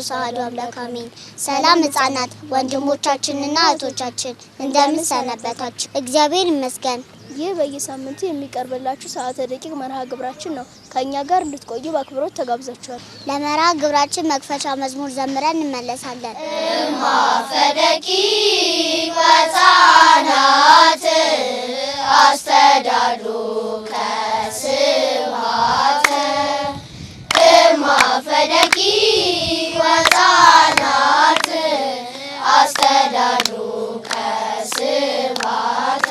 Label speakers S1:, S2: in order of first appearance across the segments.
S1: ቅዱስ አሐዱ አምላክ አሜን። ሰላም ሕጻናት ወንድሞቻችንና እህቶቻችን እንደምን ሰነበታችሁ? እግዚአብሔር ይመስገን።
S2: ይህ በየሳምንቱ የሚቀርብላችሁ ሰዓተ ደቂቅ መርሃ ግብራችን ነው። ከእኛ ጋር እንድትቆዩ በአክብሮት ተጋብዛችኋል።
S1: ለመርሃ ግብራችን መክፈቻ መዝሙር ዘምረን እንመለሳለን።
S3: እማፈ ደቂቅ አስተዳሉ ከስማት ፈደቂ ወፃናት አስተዳዱ ከስባተ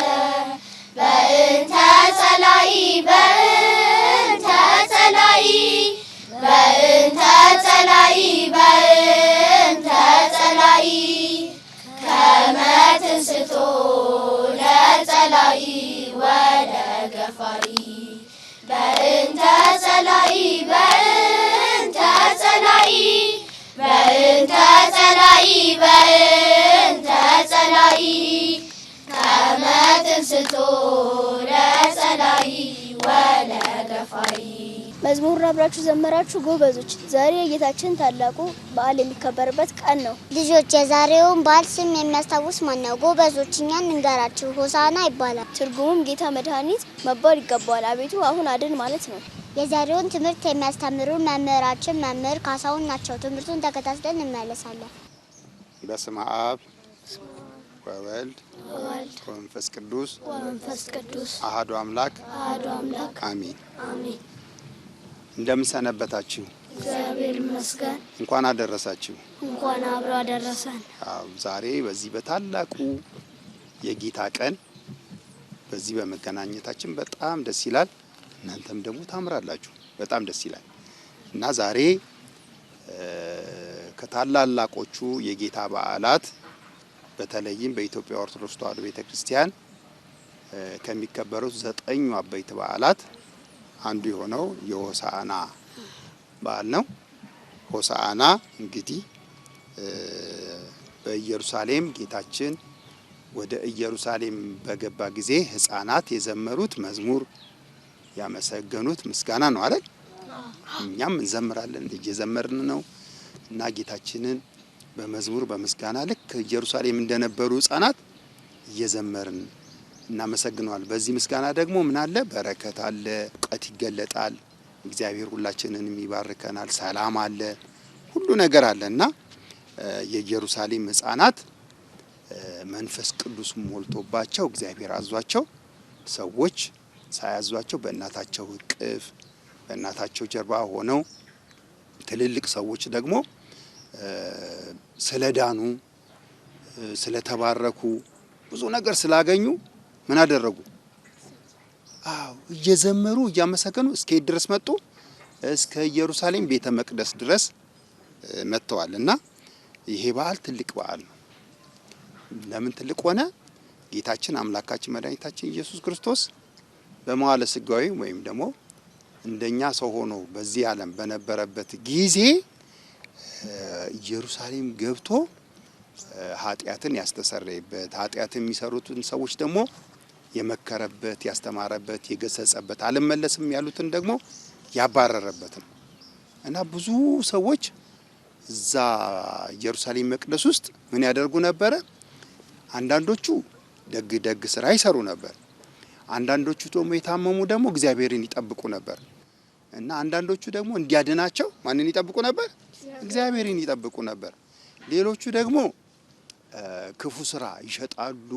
S3: በእንተ ጸላይ በእንተ ጸላይ በእንተ ጸላይ በእንተ ጸላይ ከመትንስቶ ለጸላይ ወደ ገፋሪ ተጸላኢ በእንተ ጸላኢ ከመ ትንስቶ ለጸላኢ ወለገፋኢ።
S2: መዝሙር አብራችሁ ዘመራችሁ ጎበዞች። ዛሬ የጌታችን ታላቁ በዓል የሚከበርበት ቀን ነው።
S1: ልጆች የዛሬውን በዓል ስም የሚያስታውስ ማን ነው? ጎበዞች እኛን እንገራችሁ። ሆሳና ይባላል።
S2: ትርጉሙም ጌታ መድኃኒት መባል ይገባዋል። አቤቱ አሁን አድን ማለት ነው።
S1: የዛሬውን ትምህርት የሚያስተምሩ መምህራችን መምህር ካሳሁን ናቸው። ትምህርቱን ተከታትለን እንመለሳለን።
S4: በስመ አብ ወወልድ ወመንፈስ ቅዱስ አህዶ አምላክ አሚን። እንደምን ሰነበታችሁ? እግዚአብሔር ይመስገን። እንኳን አደረሳችሁ። እንኳን አብሮ አደረሰን። ዛሬ በዚህ በታላቁ የጌታ ቀን በዚህ በመገናኘታችን በጣም ደስ ይላል። እናንተም ደግሞ ታምራላችሁ። በጣም ደስ ይላል እና ዛሬ ከታላላቆቹ የጌታ በዓላት በተለይም በኢትዮጵያ ኦርቶዶክስ ተዋሕዶ ቤተ ክርስቲያን ከሚከበሩት ዘጠኙ አበይት በዓላት አንዱ የሆነው የሆሳዕና በዓል ነው። ሆሳዕና እንግዲህ በኢየሩሳሌም ጌታችን ወደ ኢየሩሳሌም በገባ ጊዜ ሕፃናት የዘመሩት መዝሙር ያመሰገኑት ምስጋና ነው አይደል? እኛም እንዘምራለን እየዘመርን ነው እና ጌታችንን በመዝሙር በምስጋና ልክ ኢየሩሳሌም እንደነበሩ ሕጻናት እየዘመርን እናመሰግነዋል። በዚህ ምስጋና ደግሞ ምን አለ? በረከት አለ፣ እውቀት ይገለጣል። እግዚአብሔር ሁላችንን ይባርከናል። ሰላም አለ፣ ሁሉ ነገር አለ እና የኢየሩሳሌም ሕጻናት መንፈስ ቅዱስ ሞልቶባቸው እግዚአብሔር አዟቸው ሰዎች ሳያዟቸው በእናታቸው እቅፍ በእናታቸው ጀርባ ሆነው ትልልቅ ሰዎች ደግሞ ስለዳኑ ስለተባረኩ ብዙ ነገር ስላገኙ ምን አደረጉ? አዎ እየዘመሩ እያመሰገኑ እስከ የት ድረስ መጡ? እስከ ኢየሩሳሌም ቤተ መቅደስ ድረስ መጥተዋል። እና ይሄ በዓል ትልቅ በዓል ነው። ለምን ትልቅ ሆነ? ጌታችን አምላካችን መድኃኒታችን ኢየሱስ ክርስቶስ በመዋለ ስጋዊ ወይም ደግሞ እንደኛ ሰው ሆኖ በዚህ ዓለም በነበረበት ጊዜ ኢየሩሳሌም ገብቶ ኃጢአትን ያስተሰረይበት ኃጢአት የሚሰሩትን ሰዎች ደግሞ የመከረበት፣ ያስተማረበት፣ የገሰጸበት አልመለስም ያሉትን ደግሞ ያባረረበት ነው እና ብዙ ሰዎች እዛ ኢየሩሳሌም መቅደስ ውስጥ ምን ያደርጉ ነበረ? አንዳንዶቹ ደግ ደግ ስራ ይሰሩ ነበር። አንዳንዶቹ ደግሞ የታመሙ ደግሞ እግዚአብሔርን ይጠብቁ ነበር እና አንዳንዶቹ ደግሞ እንዲያድናቸው ማንን ይጠብቁ ነበር? እግዚአብሔርን ይጠብቁ ነበር። ሌሎቹ ደግሞ ክፉ ስራ ይሸጣሉ፣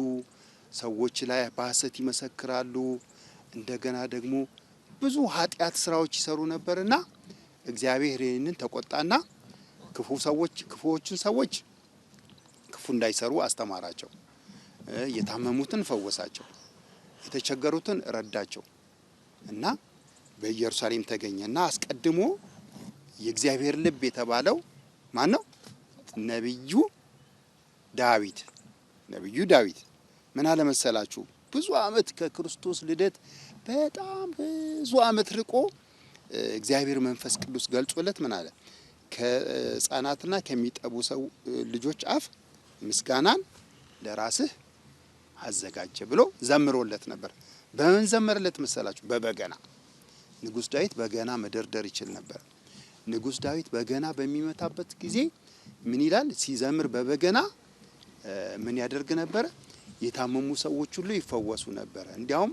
S4: ሰዎች ላይ በሐሰት ይመሰክራሉ። እንደገና ደግሞ ብዙ ኃጢአት ስራዎች ይሰሩ ነበር እና እግዚአብሔር ይህንን ተቆጣና ክፉ ሰዎች ክፉዎችን ሰዎች ክፉ እንዳይሰሩ አስተማራቸው። የታመሙትን ፈወሳቸው። የተቸገሩትን ረዳቸው እና በኢየሩሳሌም ተገኘ እና አስቀድሞ የእግዚአብሔር ልብ የተባለው ማን ነው? ነቢዩ ዳዊት ነቢዩ ዳዊት ምን አለ መሰላችሁ? ብዙ ዓመት ከክርስቶስ ልደት በጣም ብዙ ዓመት ርቆ እግዚአብሔር መንፈስ ቅዱስ ገልጾለት ምን አለ? ከህጻናትና ከሚጠቡ ሰው ልጆች አፍ ምስጋናን ለራስህ አዘጋጀ ብሎ ዘምሮለት ነበር። በምን ዘመርለት መሰላችሁ? በበገና ንጉስ ዳዊት በገና መደርደር ይችል ነበር። ንጉስ ዳዊት በገና በሚመታበት ጊዜ ምን ይላል? ሲዘምር በበገና ምን ያደርግ ነበር የታመሙ ሰዎች ሁሉ ይፈወሱ ነበረ። እንዲያውም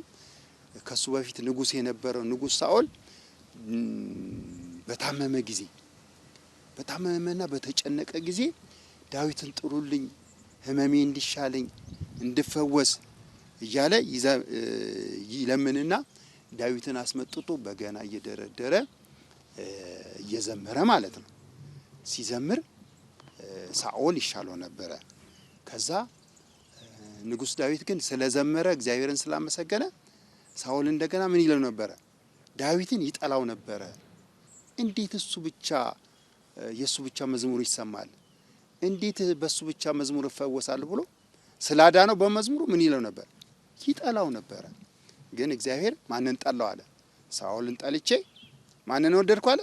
S4: ከሱ በፊት ንጉስ የነበረው ንጉስ ሳኦል በታመመ ጊዜ በታመመና በተጨነቀ ጊዜ ዳዊትን ጥሩልኝ፣ ህመሜ እንዲሻለኝ እንድፈወስ እያለ ይለምንና ዳዊትን አስመጥቶ በገና እየደረደረ እየዘመረ ማለት ነው። ሲዘምር ሳኦል ይሻለው ነበረ። ከዛ ንጉስ ዳዊት ግን ስለዘመረ እግዚአብሔርን ስላመሰገነ ሳኦል እንደገና ምን ይለው ነበረ? ዳዊትን ይጠላው ነበረ። እንዴት እሱ ብቻ የእሱ ብቻ መዝሙር ይሰማል? እንዴት በእሱ ብቻ መዝሙር እፈወሳለሁ ብሎ ስላዳነው በመዝሙሩ ምን ይለው ነበር? ይጠላው ነበረ። ግን እግዚአብሔር ማንን ጠላው አለ? ሳኦልን ጠልቼ ማንን ወደድኩ አለ?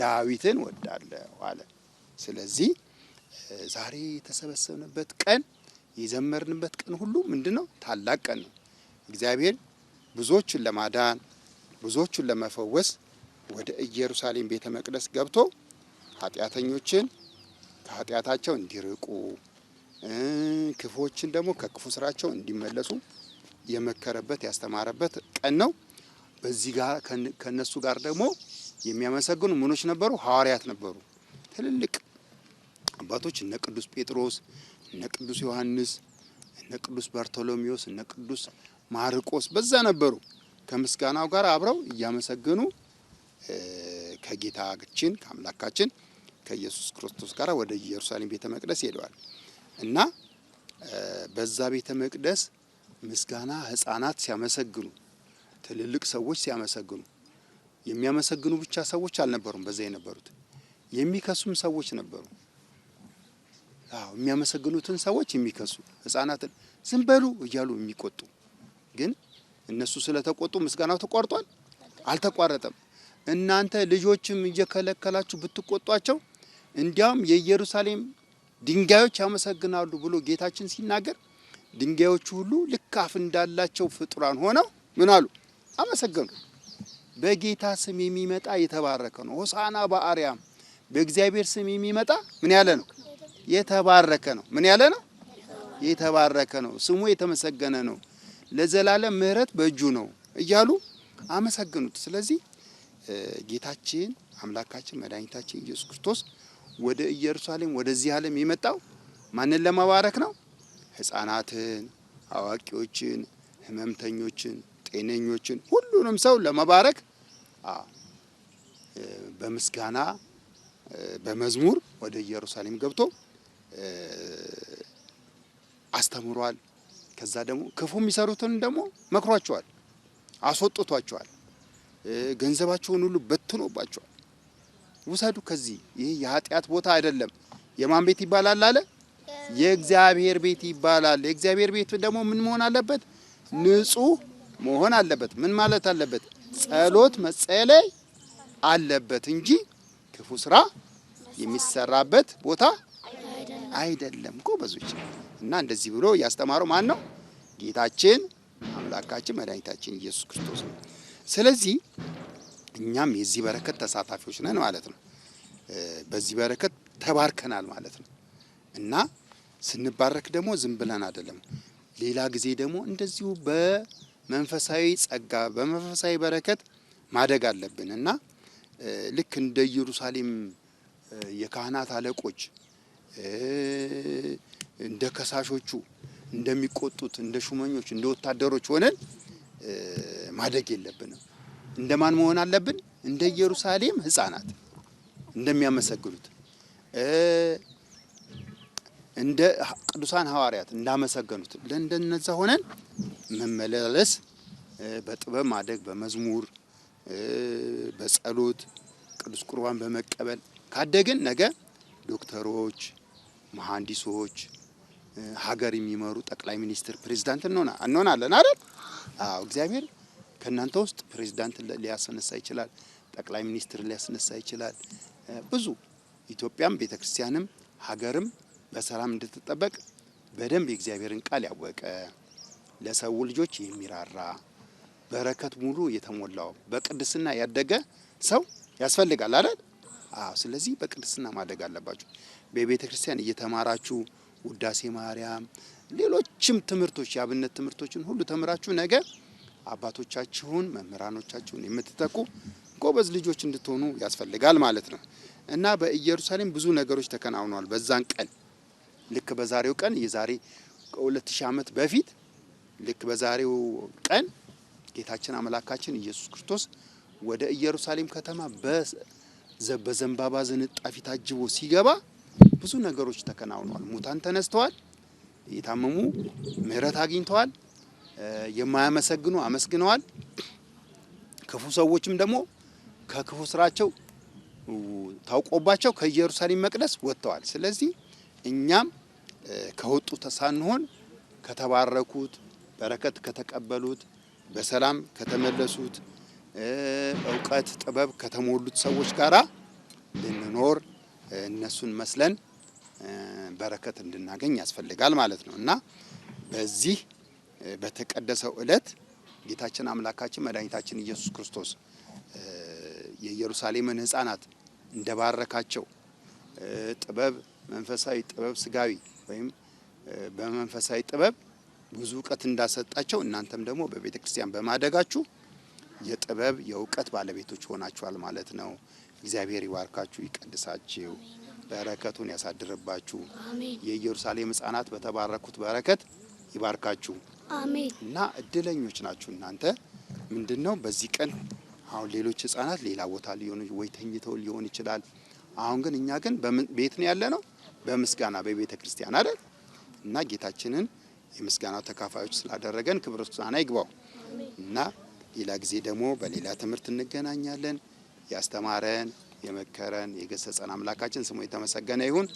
S4: ዳዊትን ወዳለሁ አለ። ስለዚህ ዛሬ የተሰበሰብንበት ቀን የዘመርንበት ቀን ሁሉ ምንድን ነው? ታላቅ ቀን ነው። እግዚአብሔር ብዙዎቹን ለማዳን ብዙዎቹን ለመፈወስ ወደ ኢየሩሳሌም ቤተ መቅደስ ገብቶ ኃጢአተኞችን ከኃጢአታቸው እንዲርቁ ክፉዎችን ደግሞ ከክፉ ስራቸው እንዲመለሱ የመከረበት ያስተማረበት ቀን ነው። በዚህ ጋር ከነሱ ጋር ደግሞ የሚያመሰግኑ ምኖች ነበሩ፣ ሐዋርያት ነበሩ። ትልልቅ አባቶች እነ ቅዱስ ጴጥሮስ፣ እነ ቅዱስ ዮሐንስ፣ እነ ቅዱስ ባርቶሎሜዎስ፣ እነ ቅዱስ ማርቆስ በዛ ነበሩ። ከምስጋናው ጋር አብረው እያመሰገኑ ከጌታችን ከአምላካችን ከኢየሱስ ክርስቶስ ጋር ወደ ኢየሩሳሌም ቤተ መቅደስ ሄደዋል። እና በዛ ቤተ መቅደስ ምስጋና ህፃናት ሲያመሰግኑ፣ ትልልቅ ሰዎች ሲያመሰግኑ፣ የሚያመሰግኑ ብቻ ሰዎች አልነበሩም። በዛ የነበሩት የሚከሱም ሰዎች ነበሩ። አዎ የሚያመሰግኑትን ሰዎች የሚከሱ ህፃናትን ዝም በሉ እያሉ የሚቆጡ ግን እነሱ ስለተቆጡ ምስጋናው ተቋርጧል? አልተቋረጠም። እናንተ ልጆችም እየከለከላችሁ ብትቆጧቸው እንዲያውም የኢየሩሳሌም ድንጋዮች ያመሰግናሉ ብሎ ጌታችን ሲናገር ድንጋዮቹ ሁሉ ልክ አፍ እንዳላቸው ፍጡራን ሆነው ምን አሉ? አመሰገኑ። በጌታ ስም የሚመጣ የተባረከ ነው። ሆሳና በአርያም በእግዚአብሔር ስም የሚመጣ ምን ያለ ነው? የተባረከ ነው። ምን ያለ ነው? የተባረከ ነው። ስሙ የተመሰገነ ነው። ለዘላለም ምሕረት በእጁ ነው እያሉ አመሰግኑት። ስለዚህ ጌታችን አምላካችን መድኃኒታችን ኢየሱስ ክርስቶስ ወደ ኢየሩሳሌም ወደዚህ ዓለም የመጣው ማንን ለመባረክ ነው? ህፃናትን አዋቂዎችን፣ ህመምተኞችን፣ ጤነኞችን ሁሉንም ሰው ለመባረክ በምስጋና በመዝሙር ወደ ኢየሩሳሌም ገብቶ አስተምሯል። ከዛ ደግሞ ክፉ የሚሰሩትን ደግሞ መክሯቸዋል፣ አስወጥቷቸዋል፣ ገንዘባቸውን ሁሉ በትኖባቸዋል። ውሰዱ ከዚህ ይህ የኃጢአት ቦታ አይደለም። የማን ቤት ይባላል አለ? የእግዚአብሔር ቤት ይባላል። የእግዚአብሔር ቤት ደግሞ ምን መሆን አለበት? ንጹህ መሆን አለበት። ምን ማለት አለበት? ጸሎት መጸለይ አለበት እንጂ ክፉ ስራ የሚሰራበት ቦታ አይደለም። በዙች እና እንደዚህ ብሎ እያስተማረው ማን ነው? ጌታችን አምላካችን መድኃኒታችን ኢየሱስ ክርስቶስ ነው። ስለዚህ እኛም የዚህ በረከት ተሳታፊዎች ነን ማለት ነው። በዚህ በረከት ተባርከናል ማለት ነው እና ስንባረክ ደግሞ ዝም ብለን አይደለም። ሌላ ጊዜ ደግሞ እንደዚሁ በመንፈሳዊ ጸጋ በመንፈሳዊ በረከት ማደግ አለብን እና ልክ እንደ ኢየሩሳሌም የካህናት አለቆች እንደ ከሳሾቹ እንደሚቆጡት እንደ ሹመኞች እንደ ወታደሮች ሆነን ማደግ የለብንም። እንደማን መሆን አለብን? እንደ ኢየሩሳሌም ህፃናት እንደሚያመሰግኑት እንደ ቅዱሳን ሐዋርያት እንዳመሰገኑት ለእንደነዛ ሆነን መመላለስ፣ በጥበብ ማደግ፣ በመዝሙር በጸሎት ቅዱስ ቁርባን በመቀበል ካደግን ነገ ዶክተሮች፣ መሐንዲሶች፣ ሀገር የሚመሩ ጠቅላይ ሚኒስትር፣ ፕሬዚዳንት እንሆናለን አይደል? አዎ እግዚአብሔር ከእናንተ ውስጥ ፕሬዚዳንት ሊያስነሳ ይችላል፣ ጠቅላይ ሚኒስትር ሊያስነሳ ይችላል። ብዙ ኢትዮጵያም ቤተ ክርስቲያንም ሀገርም በሰላም እንድትጠበቅ በደንብ የእግዚአብሔርን ቃል ያወቀ ለሰው ልጆች የሚራራ በረከት ሙሉ የተሞላው በቅድስና ያደገ ሰው ያስፈልጋል አይደል? አዎ። ስለዚህ በቅድስና ማደግ አለባችሁ። በቤተ ክርስቲያን እየተማራችሁ ውዳሴ ማርያም፣ ሌሎችም ትምህርቶች የአብነት ትምህርቶችን ሁሉ ተምራችሁ ነገ አባቶቻችሁን፣ መምህራኖቻችሁን የምትጠቁ ጎበዝ ልጆች እንድትሆኑ ያስፈልጋል ማለት ነው እና በኢየሩሳሌም ብዙ ነገሮች ተከናውነዋል። በዛን ቀን ልክ በዛሬው ቀን የዛሬ ከሁለት ሺህ ዓመት በፊት ልክ በዛሬው ቀን ጌታችን አምላካችን ኢየሱስ ክርስቶስ ወደ ኢየሩሳሌም ከተማ በዘንባባ ዝንጣፊ ታጅቦ ሲገባ ብዙ ነገሮች ተከናውነዋል። ሙታን ተነስተዋል። የታመሙ ምሕረት አግኝተዋል። የማያመሰግኑ አመስግነዋል። ክፉ ሰዎችም ደግሞ ከክፉ ስራቸው ታውቆባቸው ከኢየሩሳሌም መቅደስ ወጥተዋል። ስለዚህ እኛም ከወጡ ሳንሆን ከተባረኩት፣ በረከት ከተቀበሉት፣ በሰላም ከተመለሱት፣ እውቀት ጥበብ ከተሞሉት ሰዎች ጋራ ልንኖር እነሱን መስለን በረከት እንድናገኝ ያስፈልጋል ማለት ነው እና በዚህ በተቀደሰው ዕለት ጌታችን አምላካችን መድኃኒታችን ኢየሱስ ክርስቶስ የኢየሩሳሌምን ህፃናት እንደባረካቸው ጥበብ መንፈሳዊ ጥበብ ስጋዊ ወይም በመንፈሳዊ ጥበብ ብዙ እውቀት እንዳሰጣቸው እናንተም ደግሞ በቤተ ክርስቲያን በማደጋችሁ የጥበብ የእውቀት ባለቤቶች ሆናችኋል ማለት ነው። እግዚአብሔር ይባርካችሁ፣ ይቀድሳችሁ፣ በረከቱን ያሳድርባችሁ። የኢየሩሳሌም ህፃናት በተባረኩት በረከት ይባርካችሁ። አሜን። እና እድለኞች ናችሁ እናንተ። ምንድን ነው በዚህ ቀን አሁን ሌሎች ህጻናት ሌላ ቦታ ሊሆኑ ወይ ተኝተው ሊሆን ይችላል። አሁን ግን እኛ ግን ቤት ነው ያለ ነው በምስጋና በቤተ ክርስቲያን አይደል እና ጌታችንን የምስጋናው ተካፋዮች ስላደረገን ክብር ምስጋና ይግባው እና ሌላ ጊዜ ደግሞ በሌላ ትምህርት እንገናኛለን። ያስተማረን የመከረን የገሰጸን አምላካችን ስሙ የተመሰገነ ይሁን።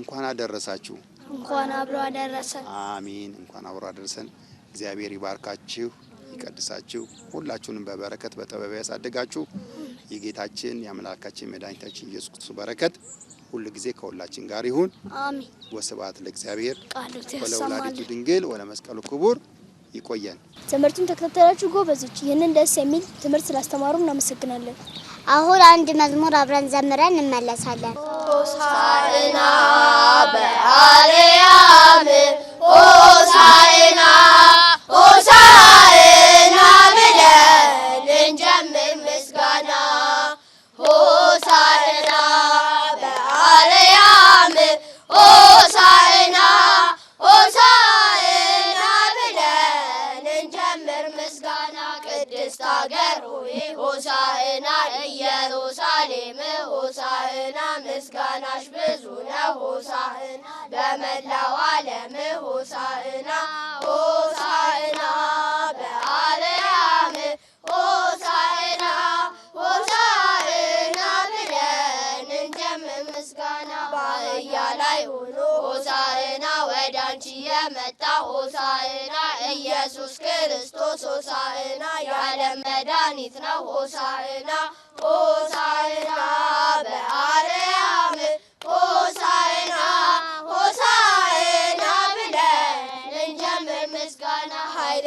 S4: እንኳን አደረሳችሁ። እንኳን አብሮ አደረሰን። አሚን። እንኳን አብሮ አደረሰን። እግዚአብሔር ይባርካችሁ፣ ይቀድሳችሁ፣ ሁላችሁንም በበረከት በጥበብ ያሳድጋችሁ። የጌታችን የአምላካችን መድኃኒታችን ኢየሱስ ክርስቶስ በረከት ሁል ጊዜ ከሁላችን ጋር ይሁን። አሜን። ወስብሐት ለእግዚአብሔር ወለወላዲቱ ድንግል ወለመስቀሉ ክቡር። ይቆየን።
S2: ትምህርቱን ተከታተላችሁ ጎበዞች። ይህንን ደስ የሚል ትምህርት ስላስተማሩ እናመሰግናለን።
S1: አሁን አንድ መዝሙር አብረን ዘምረን እንመለሳለን።
S3: ሆሳዕና በአርያም ሆሳዕና ሆሳዕና አገር ሆይ ሆሳዕና ኢየሩሳሌም ሆሳዕና ምስጋናሽ ብዙ ነው ሆሳዕና በመላው ዓለም ሆሳዕና ሆሳዕና በአርያም ሆሳዕና ሆሳዕና ብለን እንጀምር ምስጋና በአህያ ላይ ሆኖ ሆሳዕና ወደ የመ ሆሳዕና ኢየሱስ ክርስቶስ ሆሳዕና የዓለም መድኃኒት ነው ሆሳዕና ሆሳዕና በአርያም ሆሳዕና ሆሳ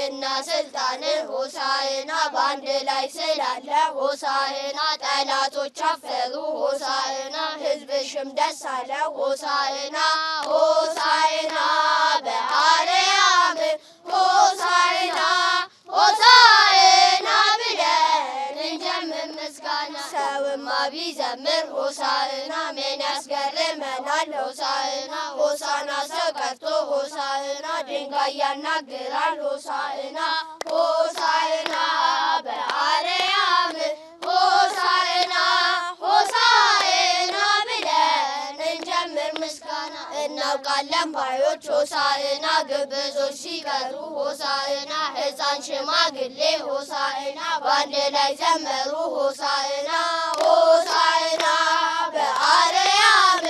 S3: ክብርና ስልጣን ሆሳዕና በአንድ ላይ ስላለ ሆሳዕና ጠላቶች አፈሩ ሆሳዕና ሽም ደስ አለ ሆሳዕና ሆሳዕና በአርያም ሆሳዕና ሆሳዕና ዘምር ሆሳዕና ምን ያስገርመናል? ሆሳዕና ሆሳዕና ሰው ቀርቶ ሆሳዕና ድንጋይ ያናግራል። ሆሳዕና ሆሳዕና በአርያም እናውቃለን ባዮች ሆሳዕና ግብዞች ሲቀሩ ሆሳዕና ሕፃን ሽማግሌ ሆሳዕና በአንድ ላይ ዘመሩ ሆሳዕና ሆሳዕና በአርያም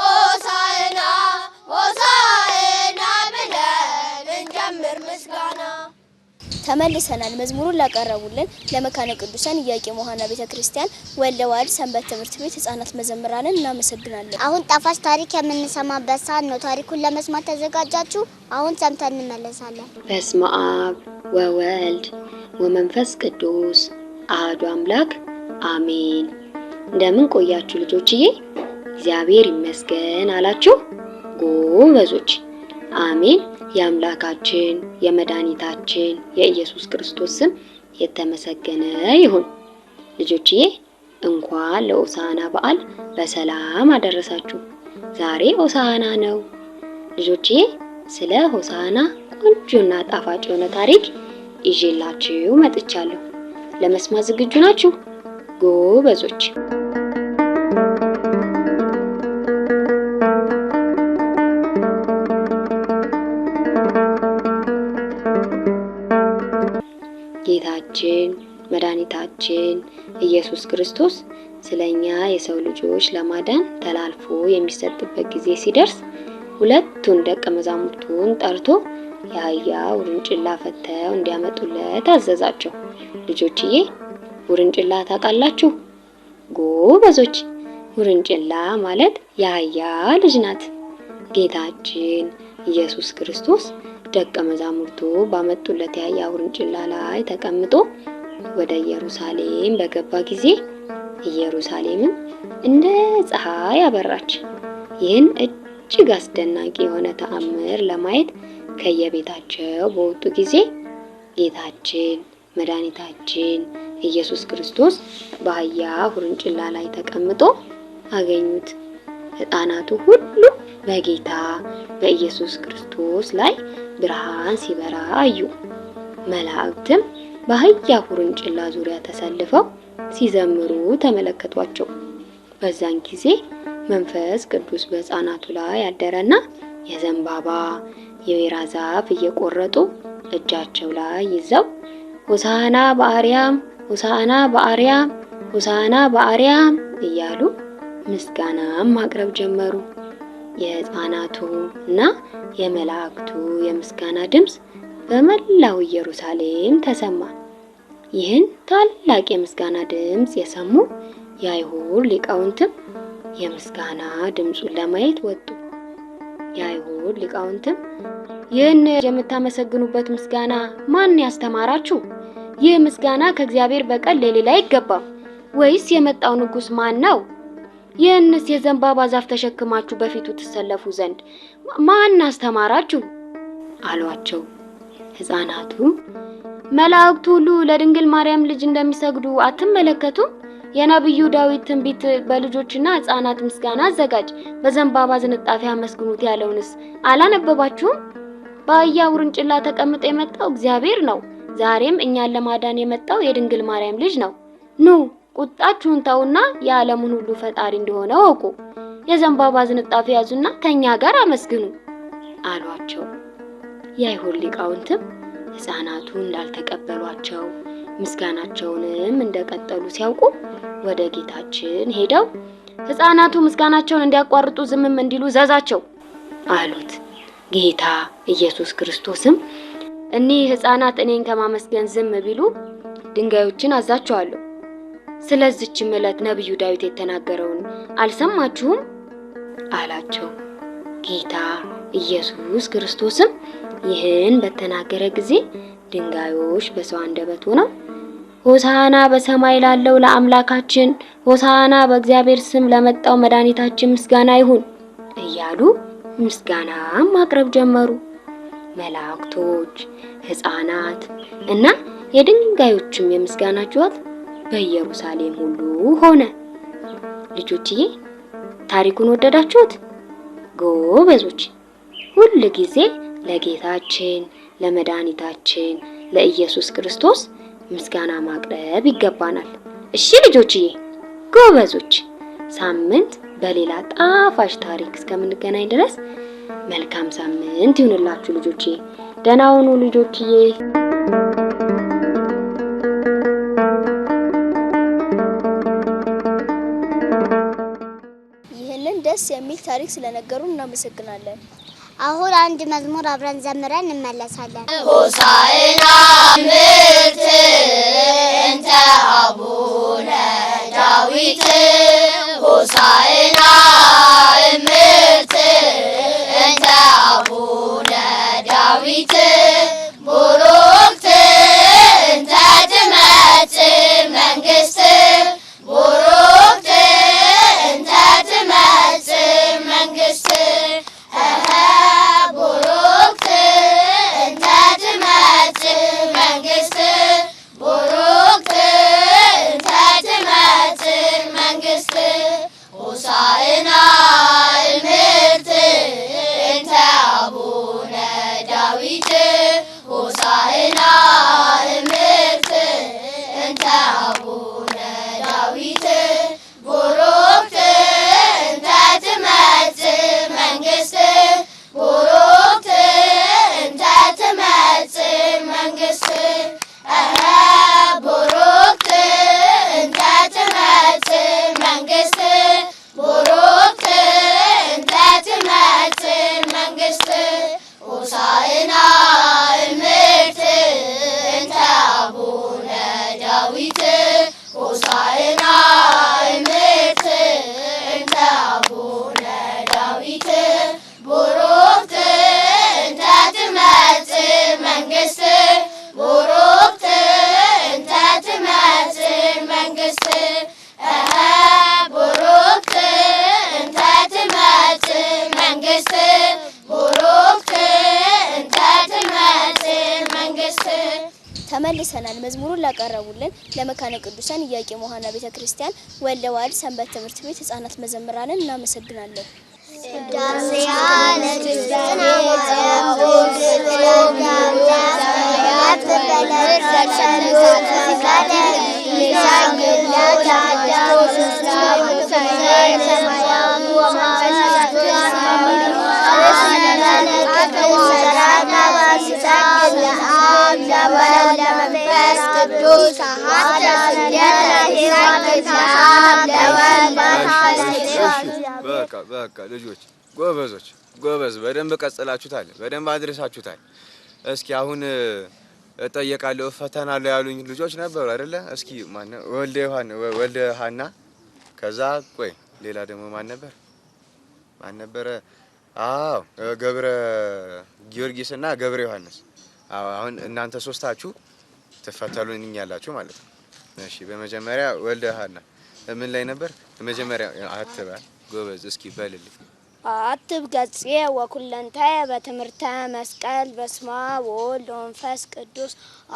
S3: ሆሳዕና
S2: ተመልሰናል። መዝሙሩን ላቀረቡልን ለመካነ ቅዱሳን ኢያቄም ዮሐና ቤተ ክርስቲያን ወልደዋል ሰንበት ትምህርት ቤት ህጻናት መዘምራንን እናመሰግናለን።
S1: አሁን ጣፋጭ ታሪክ የምንሰማበት ሰዓት ነው። ታሪኩን ለመስማት ተዘጋጃችሁ? አሁን ሰምተን እንመለሳለን። በስመ አብ ወወልድ ወመንፈስ ቅዱስ አህዱ አምላክ አሜን። እንደምን ቆያችሁ ልጆችዬ? እግዚአብሔር ይመስገን አላችሁ ጎበዞች። አሜን የአምላካችን የመድኃኒታችን የኢየሱስ ክርስቶስ ስም የተመሰገነ ይሁን። ልጆችዬ እንኳን ለኦሳና በዓል በሰላም አደረሳችሁ። ዛሬ ኦሳና ነው። ልጆችዬ ስለ ሆሳዕና ቆንጆና ጣፋጭ የሆነ ታሪክ ይዤላችሁ መጥቻለሁ። ለመስማት ዝግጁ ናችሁ? ጎበዞች መድኃኒታችን ኢየሱስ ክርስቶስ ስለ እኛ የሰው ልጆች ለማዳን ተላልፎ የሚሰጥበት ጊዜ ሲደርስ ሁለቱን ደቀ መዛሙርቱን ጠርቶ የአህያ ውርንጭላ ፈተው እንዲያመጡለት አዘዛቸው። ልጆችዬ ውርንጭላ ታውቃላችሁ? ጎበዞች! ውርንጭላ ማለት የአህያ ልጅ ናት። ጌታችን ኢየሱስ ክርስቶስ ደቀ መዛሙርቱ ባመጡለት የአህያ ውርንጭላ ላይ ተቀምጦ ወደ ኢየሩሳሌም በገባ ጊዜ ኢየሩሳሌምን እንደ ፀሐይ አበራች። ይህን እጅግ አስደናቂ የሆነ ተአምር ለማየት ከየቤታቸው በወጡ ጊዜ ጌታችን መድኃኒታችን ኢየሱስ ክርስቶስ በአህያ ሁርንጭላ ላይ ተቀምጦ አገኙት። ሕፃናቱ ሁሉ በጌታ በኢየሱስ ክርስቶስ ላይ ብርሃን ሲበራ አዩ። መላእክትም በአህያ ኩርንጭላ ዙሪያ ተሰልፈው ሲዘምሩ ተመለከቷቸው። በዛን ጊዜ መንፈስ ቅዱስ በሕፃናቱ ላይ ያደረና የዘንባባ የወይራ ዛፍ እየቆረጡ እጃቸው ላይ ይዘው ሁሳና በአርያም ሆሳዕና በአርያም ሆሳዕና በአርያም እያሉ ምስጋናም ማቅረብ ጀመሩ። የሕፃናቱ እና የመላእክቱ የምስጋና ድምፅ በመላው ኢየሩሳሌም ተሰማ። ይህን ታላቅ የምስጋና ድምፅ የሰሙ የአይሁድ ሊቃውንትም የምስጋና ድምፁን ለማየት ወጡ። የአይሁድ ሊቃውንትም ይህን የምታመሰግኑበት ምስጋና ማን ያስተማራችሁ? ይህ ምስጋና ከእግዚአብሔር በቀር ለሌላ አይገባም ወይስ የመጣው ንጉሥ ማን ነው? ይህንስ የዘንባባ ዛፍ ተሸክማችሁ በፊቱ ትሰለፉ ዘንድ ማን አስተማራችሁ? አሏቸው። ህፃናቱ መላእክት ሁሉ ለድንግል ማርያም ልጅ እንደሚሰግዱ አትመለከቱም? የነቢዩ ዳዊት ትንቢት በልጆችና ህፃናት ምስጋና አዘጋጅ፣ በዘንባባ ዝንጣፊ አመስግኑት ያለውንስ አላነበባችሁም? በአህያ ውርንጭላ ተቀምጦ የመጣው እግዚአብሔር ነው። ዛሬም እኛን ለማዳን የመጣው የድንግል ማርያም ልጅ ነው። ኑ ቁጣችሁን ተውና የዓለሙን ሁሉ ፈጣሪ እንደሆነ ወቁ። የዘንባባ ዝንጣፊ ያዙና ከኛ ጋር አመስግኑ አሏቸው። የአይሁድ ሊቃውንትም ሕፃናቱ እንዳልተቀበሏቸው ምስጋናቸውንም እንደቀጠሉ ሲያውቁ ወደ ጌታችን ሄደው ሕፃናቱ ምስጋናቸውን እንዲያቋርጡ ዝምም እንዲሉ ዘዛቸው አሉት። ጌታ ኢየሱስ ክርስቶስም እኒህ ሕፃናት እኔን ከማመስገን ዝም ቢሉ ድንጋዮችን አዛቸዋለሁ። ስለዚችም ዕለት ነቢዩ ዳዊት የተናገረውን አልሰማችሁም? አላቸው። ጌታ ኢየሱስ ክርስቶስም ይህን በተናገረ ጊዜ ድንጋዮች በሰው አንደበት ነው። ሆሳና በሰማይ ላለው ለአምላካችን፣ ሆሳና በእግዚአብሔር ስም ለመጣው መድኃኒታችን ምስጋና ይሁን እያሉ ምስጋናም ማቅረብ ጀመሩ። መላእክቶች፣ ሕፃናት እና የድንጋዮችም የምስጋና ጩኸት በኢየሩሳሌም ሁሉ ሆነ። ልጆችዬ ታሪኩን ወደዳችሁት? ጎበዞች ሁል ጊዜ ለጌታችን ለመድኃኒታችን ለኢየሱስ ክርስቶስ ምስጋና ማቅረብ ይገባናል። እሺ ልጆችዬ፣ ጎበዞች፣ ሳምንት በሌላ ጣፋጭ ታሪክ እስከምንገናኝ ድረስ መልካም ሳምንት ይሁንላችሁ ልጆችዬ። ደህና ሁኑ ልጆችዬ።
S2: ደስ የሚል ታሪክ ስለነገሩን እናመሰግናለን። አሁን አንድ መዝሙር አብረን ዘምረን እንመለሳለን።
S3: ሆሳዕና ምርት እንተ ዳዊት ሆሳዕና
S2: ላቀረቡልን ለመካነ ቅዱሳን ኢያቄም ዮሐና ቤተ ክርስቲያን ወለዋል ሰንበት ትምህርት ቤት ህጻናት መዘምራንን እናመሰግናለን።
S3: መንፈስ ቅዱስ አሐዱ በቃ በቃ ልጆች ጎበዞች ጎበዝ፣ በደንብ ቀጽላችሁታል፣ በደንብ አድርሳችሁታል። እስኪ አሁን እጠየቃለሁ እፈተናለሁ ያሉኝ ልጆች ነበሩ አይደለ? እስኪ ወልደ ወልደ ሀና፣ ከዛ ቆይ ሌላ ደግሞ ማን ነበር? ማን ነበረ? አዎ ገብረ ጊዮርጊስ እና ገብረ ዮሐንስ። አሁን እናንተ ሶስታችሁ ትፈተሉኛላችሁ ማለት ነው። እሺ በመጀመሪያ ወልደሃና ምን ላይ ነበር? በመጀመሪያ አትበል ጎበዝ፣ እስኪ በልልኝ አትብ ገጽ ወኩለንታየ በትምህርተ መስቀል በስማ ወወልድ ወመንፈስ ቅዱስ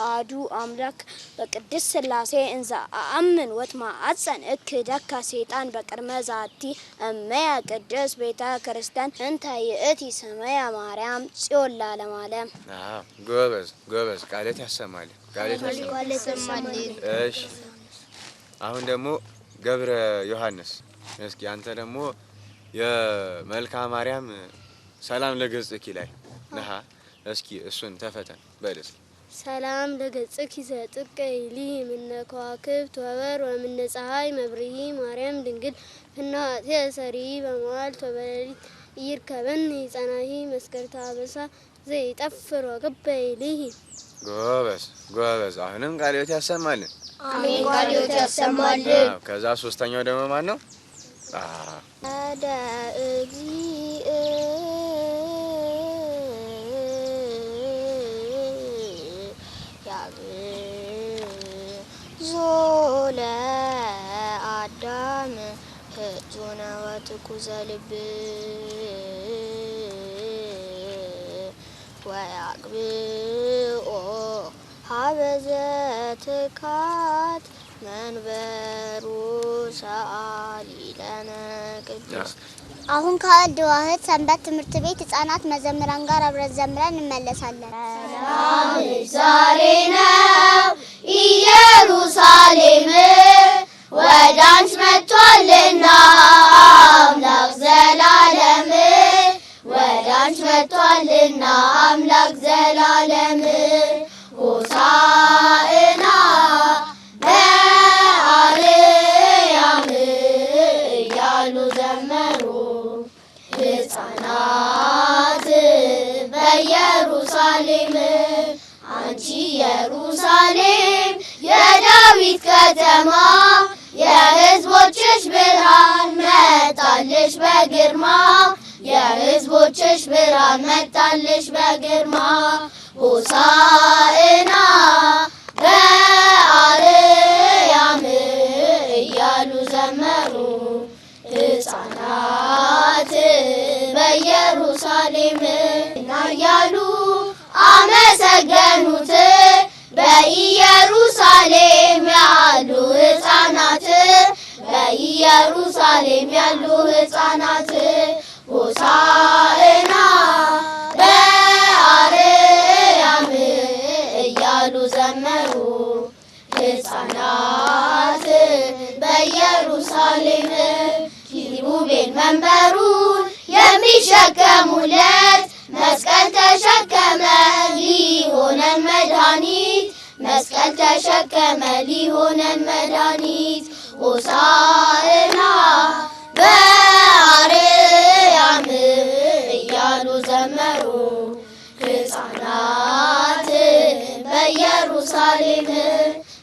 S3: አዱ አምላክ በቅድስ ስላሴ እንዘ አአምን ወትማአፀን እክደካ ሴጣን በቅድመ ዛቲ እመያ ቅድስ ቤተ ክርስቲያን እንተ ይእቲ ስመያ ማርያም ጽዮን ለዓለመ ዓለም። ጎበዝ ጎበዝ፣ ቃለት ያሰማል። እሺ አሁን ደግሞ ገብረ ዮሐንስ እስኪ አንተ ደግሞ የመልካ ማርያም ሰላም ለገጽኪ ላይ ነሀ እስኪ እሱን ተፈተን በልስ ሰላም ለገጽኪ ዘጥቀይሊ ምነ ከዋክብት ወበር ወምነ ፀሐይ መብርሂ ማርያም ድንግል ፍናቴ ሰሪ በመዋል ተበለሊት እይርከበን ይጸናሂ መስከርታ አበሳ ዘይጠፍር ወገበይሊህ ጎበዝ ጎበዝ። አሁንም ቃልዮት ያሰማልን። አሜን። ቃልዮት ያሰማልን። ከዛ ሶስተኛው ደግሞ ማን ነው? አዳ ዞለ አዳም ህጁነ ወትኩዘ ልብ ወያግብኦ ሀበዘ ትካት መንበሩ ሰአ አሁን አሁን ዋህድ ሰንበት ትምህርት ቤት ህጻናት መዘምራን ጋር አብረን ዘምረን እንመለሳለን። ዛሬ ነው ኢየሩሳሌም ወደ አንቺ መጥቷልና አምላክ ዘላለም ወደ አንቺ መጥቷልና አምላክ ዘላለም ሆሳዕና تبيت كتما يا حزب وتشبر عن ما تعلش بقرما يا حزب وتشبر عن ما تعلش بقرما وصائنا بأري عمي يالو زمرو ሕፃናት በኢየሩሳሌም ናያሉ አመሰገኑት በኢየሩሳሌም ያሉ ሕፃናት በኢየሩሳሌም ያሉ ሕፃናት ሆሳዕና በአርያም እያሉ ዘመሩ ሕፃናት በኢየሩሳሌም ኪሩቤል መንበሩ የሚሸከሙለት መስቀል ተሸከመ ሊሆነን መድኃኒት መስቀል ተሸከመ ሊሆነን መድኃኒት ሆሳዕና በአርያም እያሉ ዘመሩ ሕፃናት በኢየሩሳሌም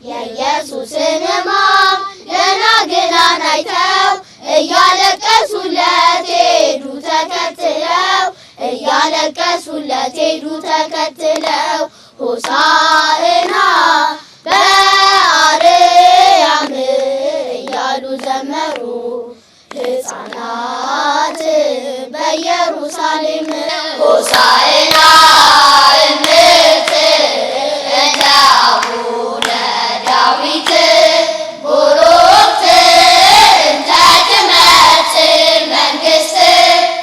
S3: የኢየሱስን ሕማም ደናግላን አይተው እያለቀሱለት ሄዱ ተከትለው እያለቀሱለት ሄዱ ተከትለው ሆሳዕና በአርያም እያሉ ዘመሩ። ሕፃናት በኢየሩሳሌም ሆሳዕና